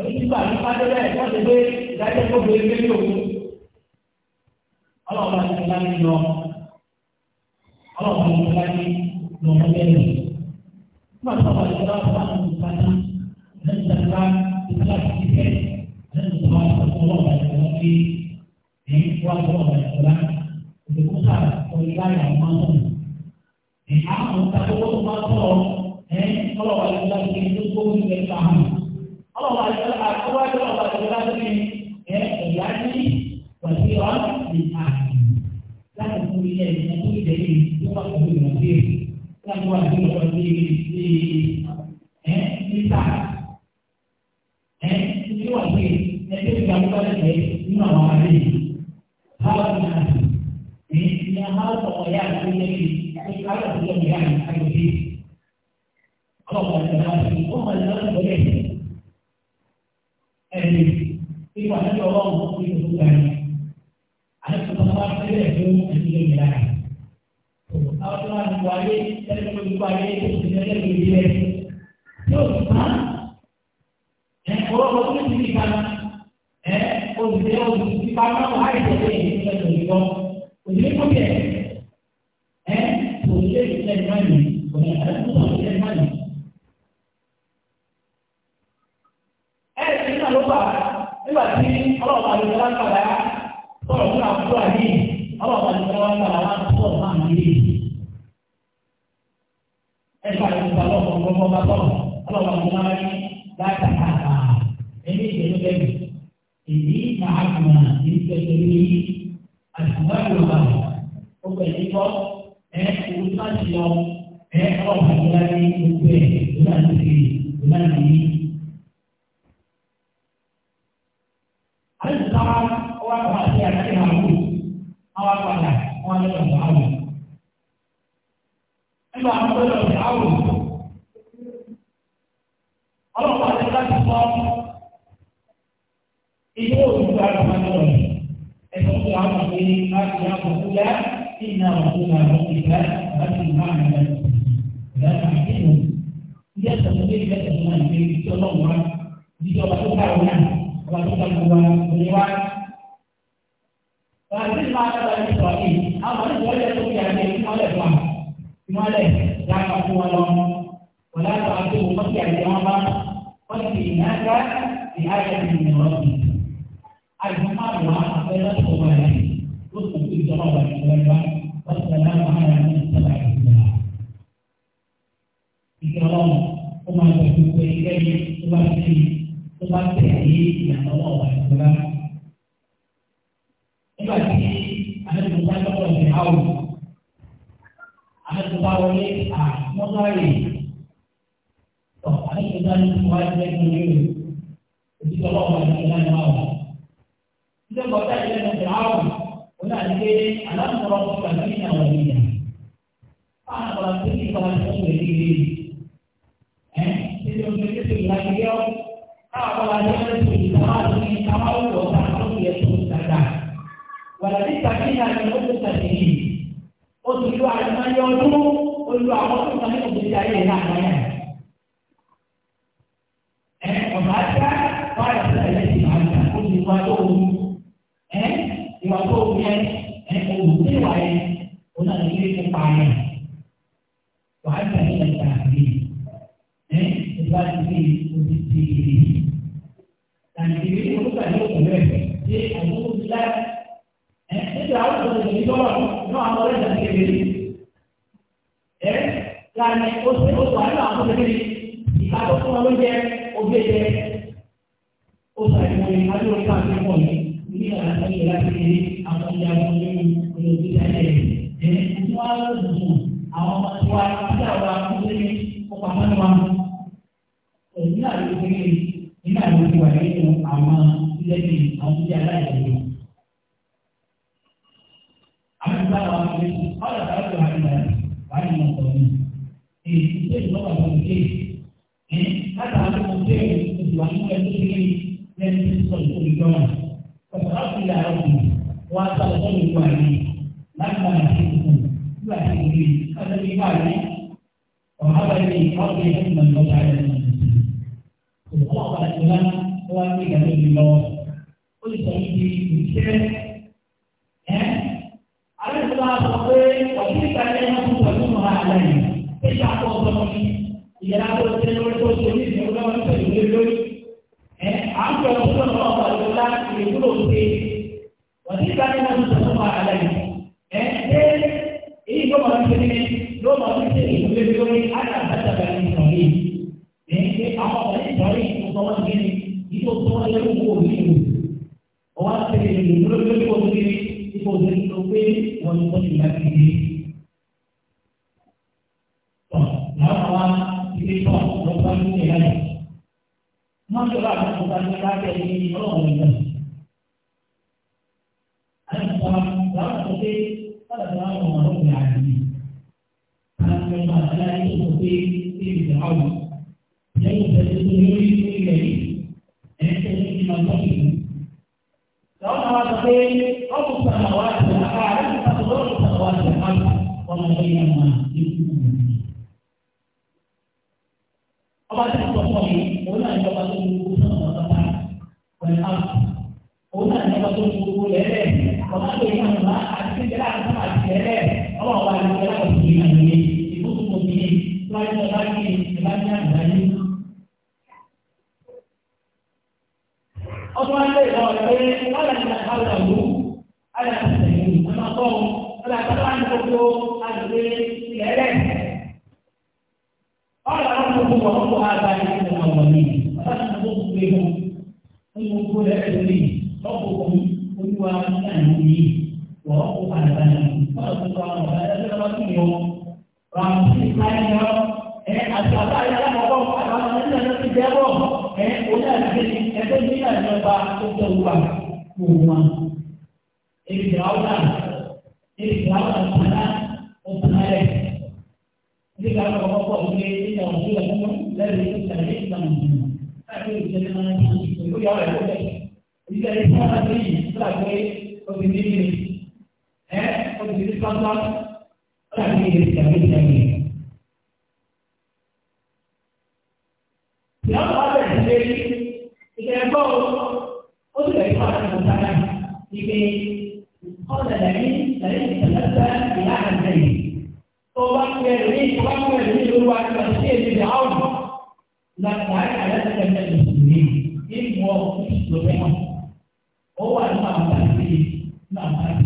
[SPEAKER 1] ẹ̀mí tí bàbá yẹn pàdé bẹ́ẹ̀ wọ́n ti gbé ìdájọ́ tó gbé gbé ní òkú ọlọ́ọ̀bá ti ńlá ní lọ ọlọ́ọ̀bá ti ńlá ní lọ ọmọdé rẹ̀ nígbà tó wà lọ́wọ́ bá ń lò pátá lẹ́nu ìjàmbá ìjọba ti fẹ́ lẹ́nu ìjọba ọlọ́ọ̀bá ti lọ sí ẹ̀yìn ti lọ òdòkúta òyìnbá yà wọ́n mọ́ ní àwọn ọ̀tá tó wọ́n máa tọ̀ ọ́ Allah wali kita sendiri itu pun tidak paham. Allah wali kita aku aja Allah wali kita sendiri. Eh, berarti pasti orang bintang. Dan kemudian yang itu jadi cuma kemudian nanti yang kuat di di di eh kita eh itu lagi nanti tidak bukan lagi lima hari hal Allah mengatakan hati, Allah mengatakan boleh. Jadi, itu hati Allah untuk ditutupkan. Ada pertemuan saya yang tidak menyerahkan. Kalau Tuhan dikuali, saya akan dikuali itu sebenarnya lebih jelas. Itu Tuhan. Dan kalau Allah itu dikuali, Eh, kalau dia dikuali, kalau dia dikuali, kalau dia dikuali, kalau dia dikuali, àti àti àwùjọ àwọn àpàdà wọn lọ́dọ̀ sí àwùjọ. nígbà wọn lọ́dọ̀ sí àwùjọ ọlọ́pàá ti láti sọ ilé òṣùwà àgbàdo rẹ̀ ẹ̀sọ́ tó wà wọ́n pé láti àkókò yá ìnà òkú náà ló ti gbà láti máa ń lọ ìdá àti ìlú. ilé ẹ̀sọ́ tó gbé ilé ẹ̀sọ́ náà ń gbé ìjọba wa ìjọba tó bá wà ọba tó bá wà òní wa. ada lima ada dalam situasi. Apa ni boleh jatuh ke hati? Lima ada Yang tak ada umat yang ada Kau diingatkan. Di ayat ini menurut ini. Ayat yang mana dua. Apa yang ada semua lagi. Terus mesti dicapai bagi mereka. Terus mereka yang ada setelah itu. Jika orang. ini. Sebab ini. wọlé àmọ́sáyè ọ̀ àyẹ̀kọ́ sáyé tí wọ́n á jẹ́ kí n léèrè òtí tọ́lọ́ ọ̀gá ìdílé náà ní àwọn. Ilé ọkọ̀ tá ìdílé náà fẹ̀rẹ̀ àwọn òun àti pé aláǹtọ̀rọ̀ ọkọ̀ kàdé ní àwọn ìyá. Fáànà kọ̀ọ̀lá tó ní ìfọwọ́ tó ń wèé lé ẹ̀ ṣé ló ń gbé tó ìlà ìgbé ọ́ káwọn kọ̀ọ̀lá tó ń tó ìtàwọn àti ìtàwọn ọ̀dọ̀ ọ̀tà tó ń yẹ tó ń dàgbà. Wàlàdí ìtàkì chúng ta olú àwọn tó ń sọ ní ìdílé ayé yìí náà wọ́n yẹn. ẹ ọ̀nà àti wọ́n yà sí ẹ̀yẹ ti máa ń ta ó ti wá tó o mú ẹ ìwà tó o cái yẹn ẹ òwò tí ìwà yẹn ó náà ní ilé pupa yẹn wà á tẹ̀lé ẹ̀ tà sí ẹ ìwà ti fi ojú ti rí tàbí olùkọ́ àti òkùnrin rẹ̀ ṣe àyẹ̀wò ti láti ẹ̀ nígbà àwọn ọ̀dọ́ ìdílé tó wà náà àwọn ọ̀rẹ́ cái rẹ̀. ẹ lànà oṣù oṣù àyẹ̀wò àwọn ọmọdé ní ìbáwọ̀ fún wọn ló jẹ́ ojú ẹ̀jẹ̀ oṣù àyẹ̀wò ní adé orí káàkiri pọ̀ yìí ní ìlànà ìyẹn láti rí àwọn ìyá wọn ní ìlú ìgbésẹ̀ ẹ̀ ẹ̀ ní wọn lọ dùn àwọn ọmọ tí wọn àti àwọn akúndé ní ọkọ̀ àmọ́ wọn èyí náà ló fi rí èyí nínú àwọn ilé ní àwọn ìdílé aláìsàn àwọn ìgbà wọn fi àyè wọn sọ ní. Èyí ṣe ìlọ́wọ́ àti ìdílé. Ẹ látàrí àwọn ẹgbẹ́ tó ṣe lẹ́nu tó sọ ìkórè jọ̀wọ́. láti ilẹ̀ wọ́n á láti máa ṣe tí bá yẹ ó tó ọba aláì pété àpò ọ̀sán wọn ni ìyára tó ṣe lórí tó ṣe ní ìṣẹ́ ọgbà wọn tó ṣe lórí. ẹ à ń sọ ọdún náà ọba ìlọlá ìlú òde wọ́n ti gbá ní wọn sọ ọba aláì. ẹ ṣé èyí ló máa ń ṣe ní ló máa ń ṣe ìwé lórí àgbàdàgbà ìṣọ̀ sọ̀rọ̀ àti ọ̀sán ní káàkiri ọlọ́run ìgbà.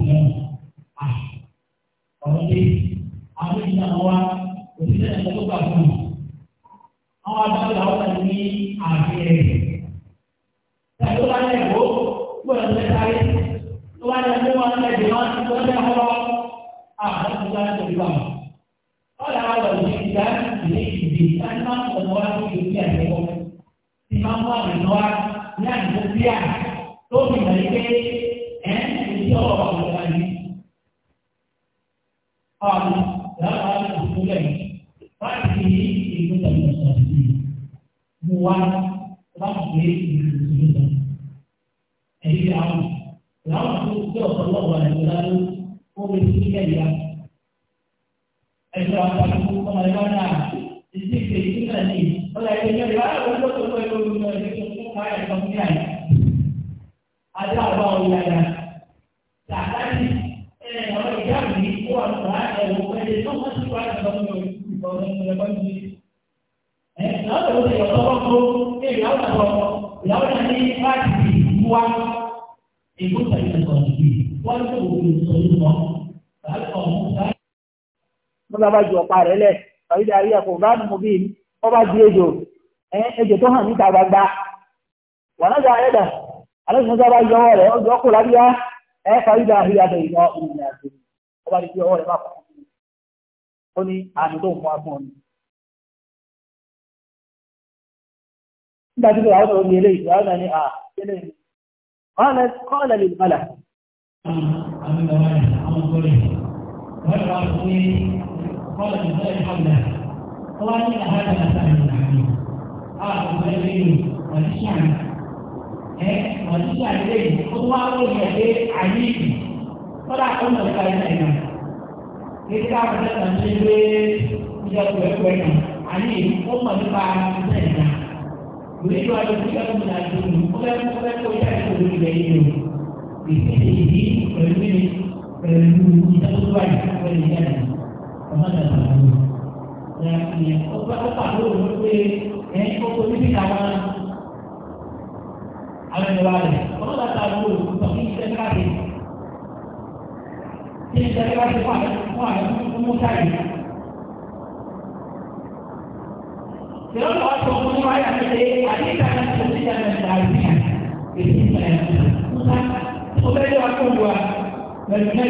[SPEAKER 1] ìyẹn à ọ̀rọ̀ dé àwọn ènìyàn wa òṣìṣẹ́ ìjọba fún mi àwọn abájọ àwọn ọ̀sán ní àbí ah, ẹ̀rẹ̀. ọ̀gá bá ju ọ̀pá rẹ̀ lẹ̀ ọ̀yídà ayé ẹ̀kọ́ bá mú bí di ejò ejò tó hàn níta gbangba wàlájà ayẹ́dà alẹ́sìnká bá yọ ọwọ́ rẹ̀ ọjọ́ kó lábíyá ẹ̀ fàyídà ayé adé ìyá ìrìnà àti ọba di ọwọ́ rẹ̀ bá pọ̀ ó ní àmì tó ń fún akún ọ̀nà. nígbà tí قال من ذلك حوله طبعا إلى هذا مثلا من العديد قال ابو زيد ايه وليش يعني ايه وليش يعني ايه خطوة أولية ايه عليكي طلع قلنا بخير الإمام إذا كان مثلا مجيب إذا كنت أكوينا عليه أمة تبع مثلا يريد أن يكون من الدنيا قد يكون هناك ويشارك في الدنيا بسيطة دي ويشارك في الدنيا ويشارك في الدنيا kepada Tuhan. Yang ini, obat-obat dulu, mesti yang ikut itu di dalam alam luar. Kalau tak tahu, untuk ini saya kasih. Jadi saya kasih apa? Apa? Umum saya. Kalau tak tahu, umum saya ada di hati kanan, hati kanan, hati kanan. Jadi saya kasih. Kita, kita berdua kedua, dan kita,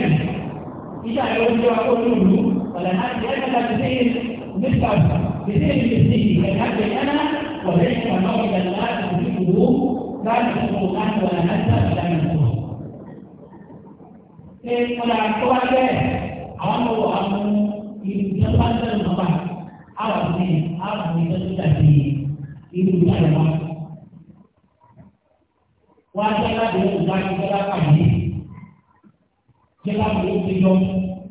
[SPEAKER 1] kita berdua kedua dulu, ولأن أنت بذهن مثل بذهن مثله الحد أنا وليس موعدا لا تملكه لا تملكه أنت ولا أنت ولا أنت. إن ولا أقوال عمرو عمرو يتصل بالمطعم عربي عربي تستهدي إذا تعلم وأنت لا تقول ذلك ولا تعلم. Jelang berikut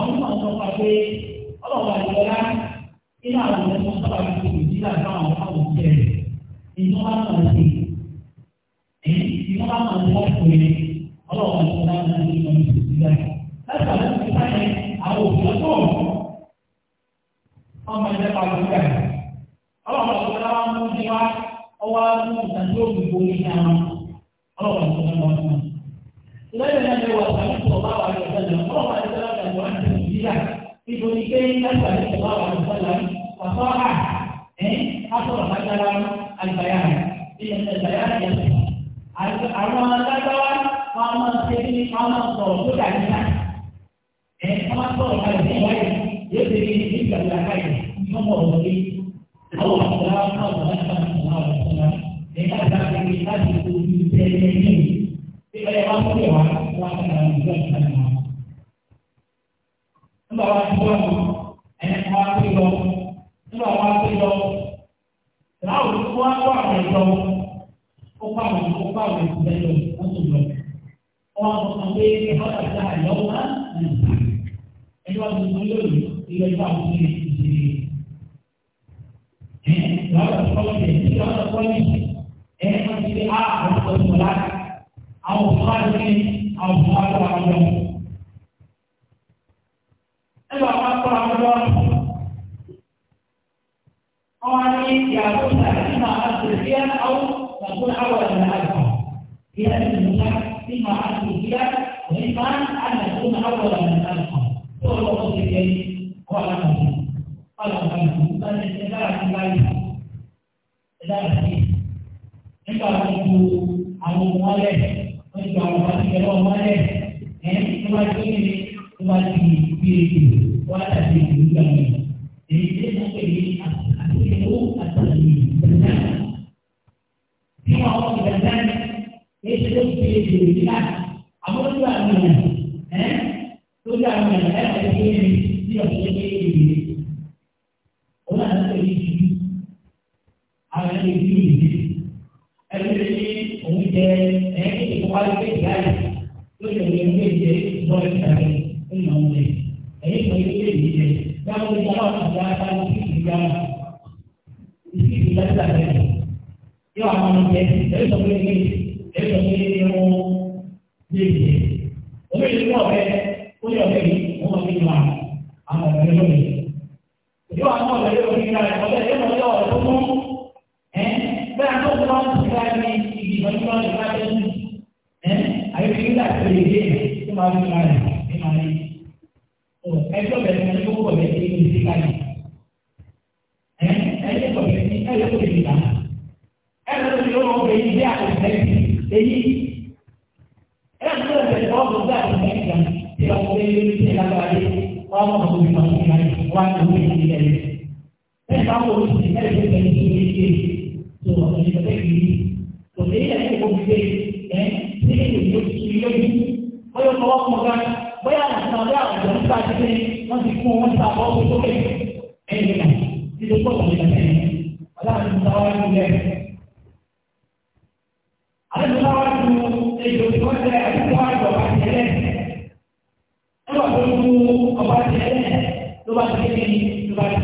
[SPEAKER 1] àwọn tó máa sọ fún wa pé ọlọ́wọ́ nínú àwọn ọ̀rẹ́ sábà fi tòun sí láti àwọn àwọn òṣìṣẹ́ rẹ̀ bá máa ṣe ìjọ bá máa ṣe láti pè é ọlọ́wọ́ àdìgbọ́lá máa ń lọ sí ìgbà láti àwọn òṣìṣẹ́ rẹ̀ àwọn òṣìṣẹ́ tó wọ́n máa ń jẹ́ pàtó gbà ọlọ́wọ́ àdìgbọ́lá wọn mú sí wa ọwọ́ mú ìtàjú òkùnkùn ní àwọn ọlọ́wọ́ àdìgbọ́lá wọn mú. ìlẹ́yìn náà ni wọ́n tidak ibu tiga ini kan dari Allah Alaihissalam asalah eh asalah dalam al-bayan ini al-bayan yang Al-Quran mengatakan Allah sendiri Allah sendiri sudah bisa. Eh, Allah sendiri ada di mana? Dia sendiri di dalam kain. Semua sendiri. Allah sendiri Allah sendiri Allah sendiri Allah sendiri. Dia tidak berbicara di tujuh sendiri. Tiada yang mampu dia. Allah sendiri Allah sendiri. nígbà ti bọ́ọ̀lù ẹni kan wá pé lọ nígbà wọn pé lọ láwùjọ tó wá kó àwọn ẹ̀jọ́ ó kó àwọn ẹ̀jọ́ ó kó àwọn ẹ̀jọ́ bẹ́ẹ̀ lọ wọ́n tó lọ. wọ́n á sọ pé ọ̀dà ìjà àyọ̀wò náà ní ìgbà ẹni wọ́n ti sọ lórí ilé ìgbà wọn ní ìṣẹ̀lẹ̀. ẹ̀ lọ́dọ̀ tó kọ́ ẹ̀ ní lọ́dọ̀ tó ní ẹ̀ wọ́n ti fi á àwọn ọ̀dọ́ àwọn ọ̀dọ́ ẹlọ àwọn akọ àwọn ọmọ ọmọ ní yàtọ̀ sàrẹ nínú àwọn àtẹ̀síyá àwọn nàgbọ́n àwọn ẹ̀rọ àgbà ìyá ìdùnnà nínú àwọn àtẹ̀síyá òní máa ń ànàgbọ́n àwọn ẹ̀rọ àgbà tó lọ́wọ́ ti kẹ́ kọ́ àlàkùn àlàkùn láti ṣe dára sí báyìí dára sí nípa gbogbo àwọn ọmọ rẹ̀ wọ́n ti gba àwọn ọmọ rẹ̀ lọ́wọ́ ọmọ rẹ̀ ẹ̀ nípa gbogbo wajib diri kita wajib diri kita jadi kita nak jadi orang berjalan kita pun diri kita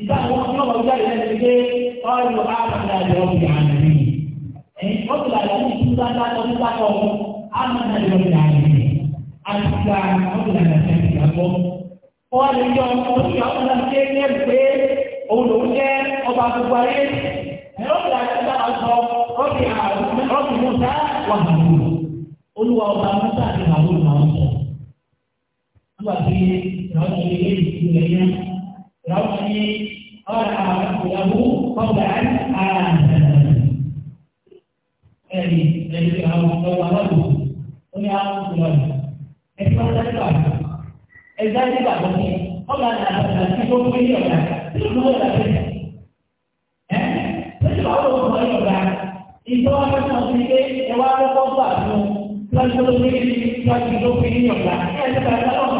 [SPEAKER 1] ìgbà àwọn ọmọ ọmọ ìgbà yìí lẹ́nu pé ọ̀rọ̀ àmàlà ìrọ̀ bí àmì. Ẹ̀yin ó ti làyà ní ìtura látọ̀ nípa kan àmàlà ìrọ̀ bí àmì. Àtìgbà ó ti làyà sí ìgbàgbọ́. Wọ́n lè yọ oríṣi ọmọ náà ṣe ní ẹ̀rù pé òun lòún jẹ́ ọba gbogbo ayé. Ẹ̀rọ ti làyà sí ìgbàgbọ́ ọ̀bì àrùn ọ̀bì Musa wà hàbù. Olúwa ọba Musa àti hàbù náà sọ. Nígbà tí ìrọ̀ ربني قال أعرفت له قولا آثما يعني يجب أن أقول له أعرفت له ẹgbẹ́ ọ̀dọ́dọ́ ẹgbẹ́ nígbà tó ní ọ̀gá àgbàlagbà tí ó gbé ní ọ̀gá tí ó gbé ọ̀gá tẹ̀lé. ẹ ṣéṣe wàá lọ sọ Ele ọ̀gá ìjọ wa fẹ́ sọ sí pé ẹ wá lọ́kọ́ gbà fún lọ́jọ́ Ele vai ní lọ́jọ́ tó gbé ní ọ̀gá ní ẹ̀ṣẹ̀ bàtà ọ̀gá.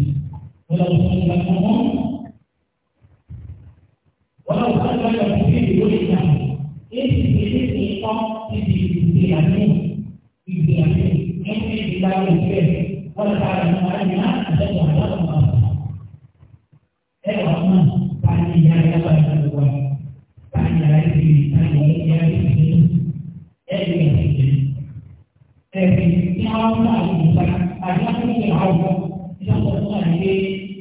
[SPEAKER 1] ولو سلم لهم ولو سلم لهم في دول الشعب ايه في دول في دول الشعب في دول الشعب ايه في دول الشعب في دول الشعب Thank you.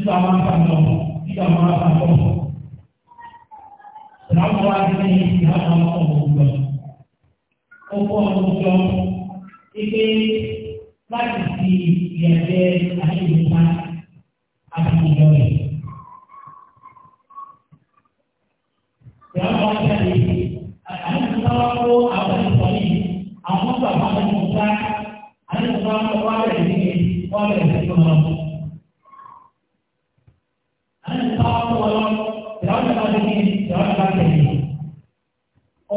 [SPEAKER 1] nígbà máa ń fa lọ nígbà máa ń fa lọ. Ìlànà wa ti ní ìlànà ọmọ òwúrọ̀. Ó kọ́ ọmọ jọ pé láti fi ìyàjẹ́ àṣìlúpa àti ìjọ
[SPEAKER 2] Ìlànà wa ti
[SPEAKER 1] ní.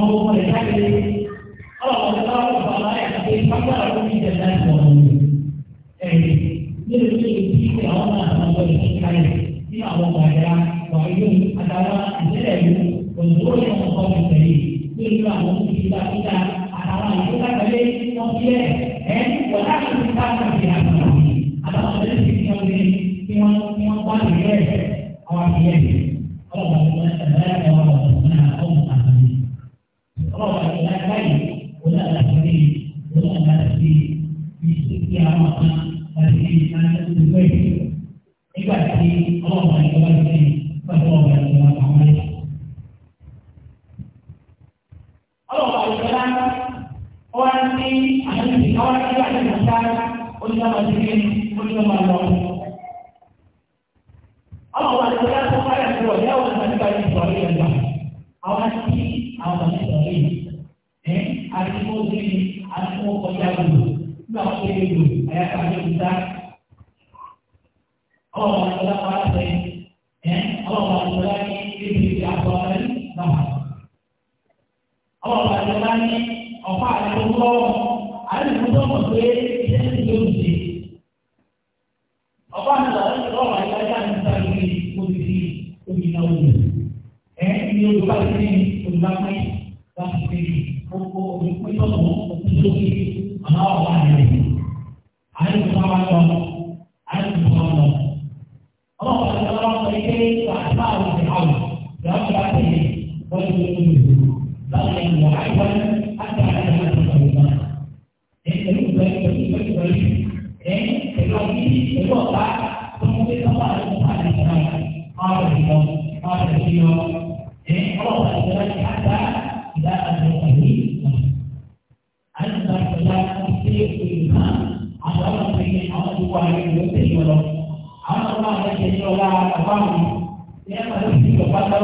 [SPEAKER 1] 我们每天，二二五条大家可以参加这么一个活动。哎，因为这个机会，我们很多的平台，希望大家，欢迎大家一起来用，我们多一些好朋友，对吧？ni àtúntò ọjà gbogbo nígbà wọn ṣe gbogbo àyàfà ní ìgbà ọwọ àwọn ọjà wà lásẹ ẹ ọwọ àwọn ọjà wà ní ebi ìgbà àbọ ọmọdé náà wà
[SPEAKER 2] ọwọ àwọn ọjà wà ní ọkọ àgbàdo ńlọ àyẹ̀wò tó mọ̀ pé
[SPEAKER 1] ṣé ṣe ló ń ṣe ọkọ àwọn ọjà wà lọwọ àyẹ̀wò ajá ní ìgbà ìgbà ìgbà ìgbà ìgbà ìgbà ìgbà ìgbà gbogbo òpin tọ́lọ̀ òpin lókè aláwọ̀ wà nílẹ̀. àìsàn wa lọ àìsàn wa lọ. ọlọ́wọ́ àti ọlọ́wọ́ sọ pé àìsàn àwọn ìṣẹ̀lẹ̀ àwọn ìṣẹ̀lẹ̀ àti ìṣẹ̀lẹ̀ wọ́n ti lọ́ọ́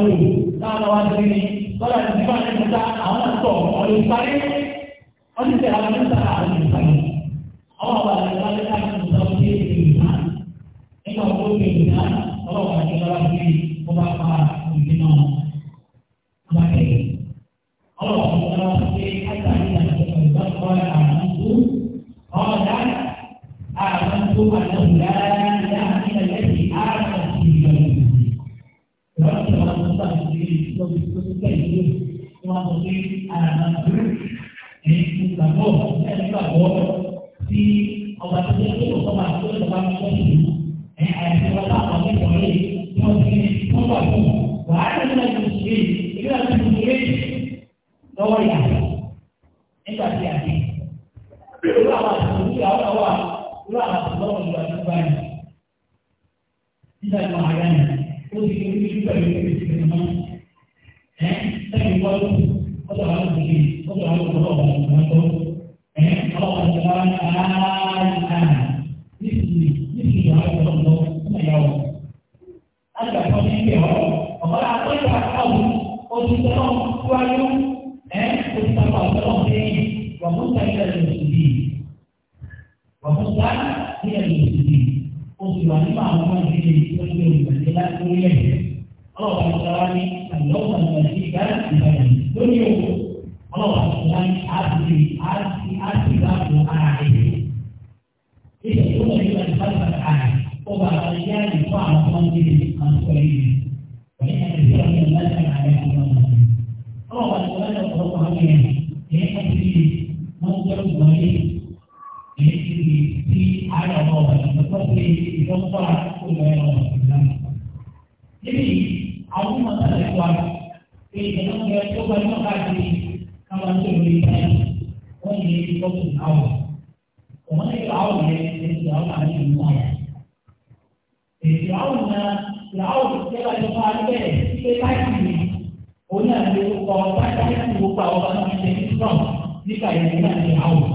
[SPEAKER 1] wù ú táwọn wá sí ní kọ́lá ti bá ní ìta àwọn àtọ̀ ọ̀lùsáré. di lórí tó ti tẹ̀lé ló wọn a pé ara máa ń a ẹ̀yìn ìgbàgbọ́ ẹ̀yìn ìgbàgbọ́ tí ọba tó yẹ kó a tó yẹ kó apostar tiene que decidir. O si lo anima a in the house.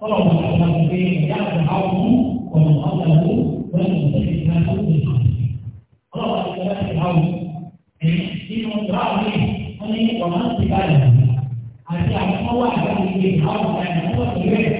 [SPEAKER 1] kalau kita akan berikan kalau kita akan berikan kehaku kalau kita akan berikan kehaku kalau kita akan ini mengerahkan ini, ini orang tidak ada hati-hati Allah akan berikan kehaku dan Allah berikan